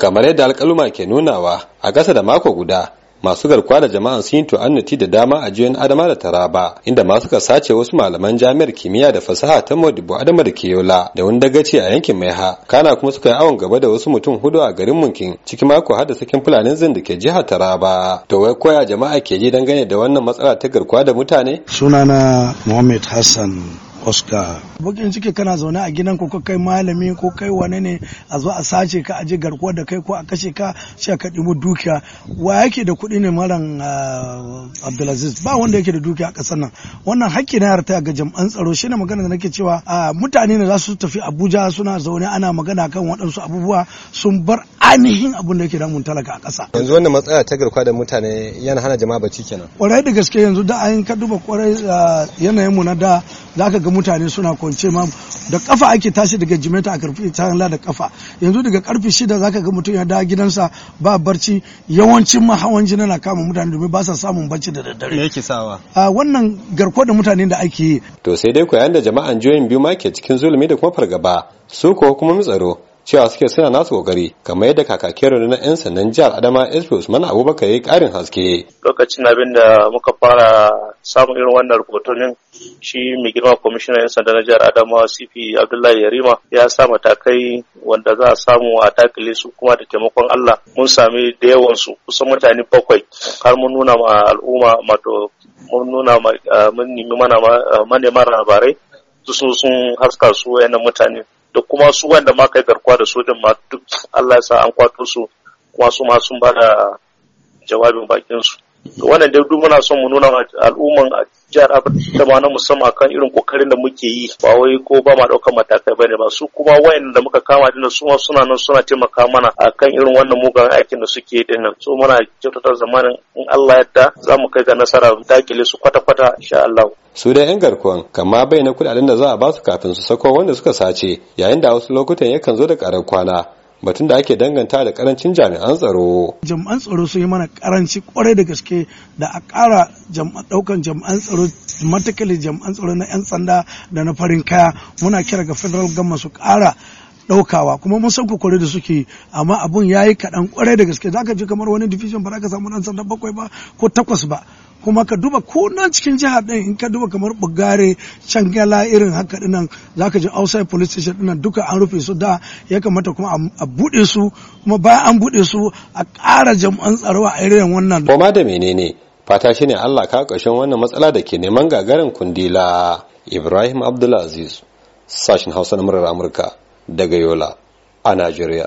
kamar yadda alkaluma ke nunawa a ƙasa da mako guda masu garkuwa da jama'an sun yi tu'annati da dama a jiyoyin adama da taraba inda masu ka sace wasu malaman jami'ar kimiyya da fasaha ta modibo adama da keyola da wani dagaci a yankin maiha kana kuma suka yi awon gaba da wasu mutum hudu a garin munkin ciki mako hada sakin fulanin zin da ke jihar taraba to wai koya jama'a ke ji dangane da wannan matsala ta garkuwa da mutane sunana muhammad hassan Oscar. Bakin ciki kana zaune a gidan ko kai malami ko kai wane ne a zo a sace ka aje garkuwa da kai ko a kashe ka sai ka ɗibi dukiya. Wa yake da kuɗi ne maran eh, Abdulaziz ba wanda yake da dukiya a ƙasar nan. Wannan hakki na yarta ga jam'an tsaro shine magana da nake cewa mutane ne za su tafi Abuja suna zaune ana magana kan waɗansu abubuwa sun bar ainihin abin da yake damun talaka a ƙasa. Yanzu wannan matsaya ta garkuwa da mutane yana hana jama'a bacci kenan. Kwarai da gaske yanzu da an ka duba kwarai eh, yanayin mu na da za ka ga mutane suna kwance ma da kafa ake tashi daga jimeta a karfi la da kafa yanzu daga karfi shida za ka ga mutum ya dawo gidansa ba barci yawancin ma hawan na kama mutane domin ba sa samun barci da daddare me yake sawa a wannan garko da mutane da ake yi to sai dai koyan da jama'an jiyoyin biyu ma ke cikin zulumi da kuma fargaba su ko mu tsaro cewa suke suna nasu kokari kamar yadda kakakin rundunar 'yan sandan jihar adama sp usman abubakar ya yi karin haske lokacin abin da muka fara samun irin wannan rubutunin shi mai girma kwamishinan 'yan sanda na jihar adama cp abdullahi yarima ya sa matakai wanda za a samu a takile su kuma da taimakon allah mun sami da yawan su kusan mutane bakwai har mun nuna ma al'umma mato mun nuna eh, mun nemi eh, manema labarai su sun haska su wayannan mutane da kuma su wanda ma kai garkuwa da sojan ma duk Allah ya sa an kwato su kuma su ma sun ba da jawabin bakin su wannan dai muna son mu nuna al'umman jihar Abuja ma na musamman akan irin kokarin da muke yi ba wai ko ba ma daukar matakai bane ba su kuma wayan da muka kama din su ma suna nan suna taimaka mana akan irin wannan mugan aikin da suke dinnan so muna kyautata zamanin in Allah yadda za mu kai ga nasara dakile su kwata-kwata insha Allah su dai yan garkuwan kamma bai na kudaden da za a ba su kafin su sako wanda suka sace yayin da wasu lokutan yakan zo da karar kwana batun da ake danganta da karancin jami'an tsaro jami'an tsaro sun yi mana karanci kwarai da gaske da a kara daukan jami'an tsaro matakali jami'an tsaro na 'yan sanda da na farin kaya muna kira ga federal gama su kara ɗaukawa kuma mun san kokore da suke amma abun ya yi kaɗan kwarai da gaske zaka ka ji kamar wani division ba za ka samu ɗan sanda bakwai ba ko takwas ba kuma ka duba ko nan cikin jihar ɗin in ka duba kamar bugare cangala irin haka dinan zaka ji outside police station dinan duka an rufe su da ya kamata kuma a buɗe su kuma bayan an buɗe su a ƙara jam'an tsaro a irin wannan. Koma da menene fata shine Allah ka ƙarshen wannan matsala da ke neman gagarin kundila Ibrahim Abdulaziz sashin Hausa na murar Amurka daga Yola a Najeriya.